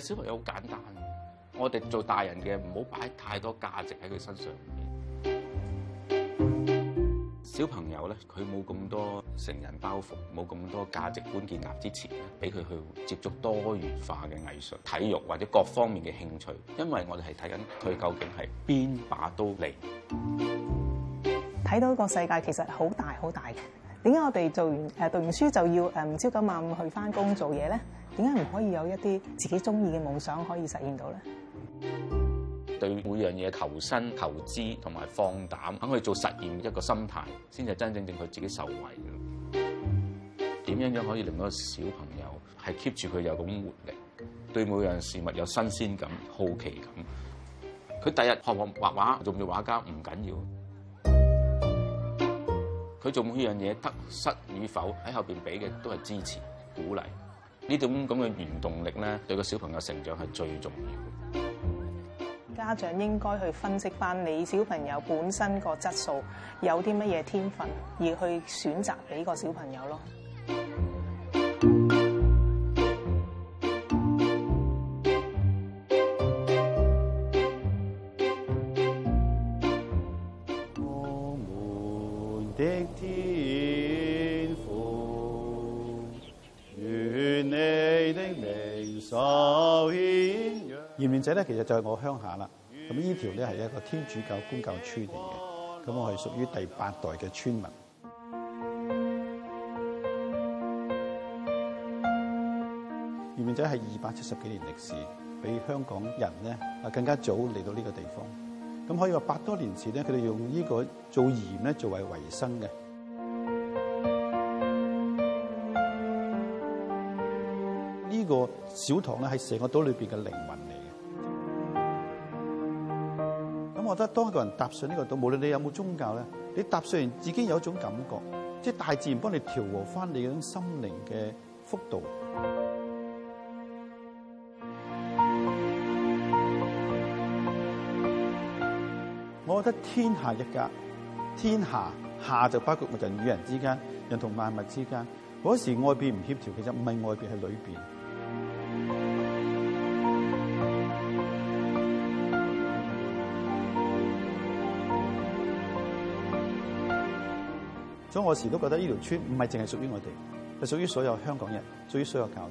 小朋友好簡單，我哋做大人嘅唔好擺太多價值喺佢身上面。小朋友咧，佢冇咁多成人包袱，冇咁多價值觀建立之前，俾佢去接觸多元化嘅藝術、體育或者各方面嘅興趣，因為我哋係睇緊佢究竟係邊把刀嚟。睇到一個世界其實好大，很大的，好大嘅。點解我哋做完誒、呃、讀完書就要誒、呃、朝九晚五去翻工做嘢咧？點解唔可以有一啲自己中意嘅夢想可以實現到咧？對每樣嘢求新求知同埋放膽，肯去做實驗一個心態，先至真正令佢自己受惠嘅。點樣樣可以令到個小朋友係 keep 住佢有咁活力，對每樣事物有新鮮感、好奇感？佢第日學學畫畫，做唔做畫家唔緊要。佢做每樣嘢得失與否，喺後邊俾嘅，都係支持鼓勵，呢種咁嘅原動力咧，對個小朋友成長係最重要的。家長應該去分析翻你小朋友本身個質素有啲乜嘢天分，而去選擇俾個小朋友咯。的天父，願你的名受顯揚。鹽田仔咧，其實就係我鄉下啦。咁呢條咧係一個天主教公教村嚟嘅。咁我係屬於第八代嘅村民。鹽田仔係二百七十幾年歷史，比香港人咧啊更加早嚟到呢個地方。咁可以話百多年前咧，佢哋用呢個做鹽咧作為維生嘅。呢個小堂咧係成個島裏邊嘅靈魂嚟嘅。咁我覺得當一個人踏上呢個島，無論你有冇宗教咧，你踏上完自己有一種感覺，即係大自然幫你調和翻你嗰種心靈嘅幅度。我覺得天下一家，天下下就包括人與人之間，人同萬物之間。嗰時外邊唔協調，其實唔係外邊，係裏面。 所以，我時都覺得呢條村唔係淨係屬於我哋，係屬於所有香港人，屬於所有教徒。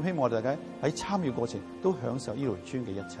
咁希望我哋大家喺參與過程都享受呢條村嘅一切。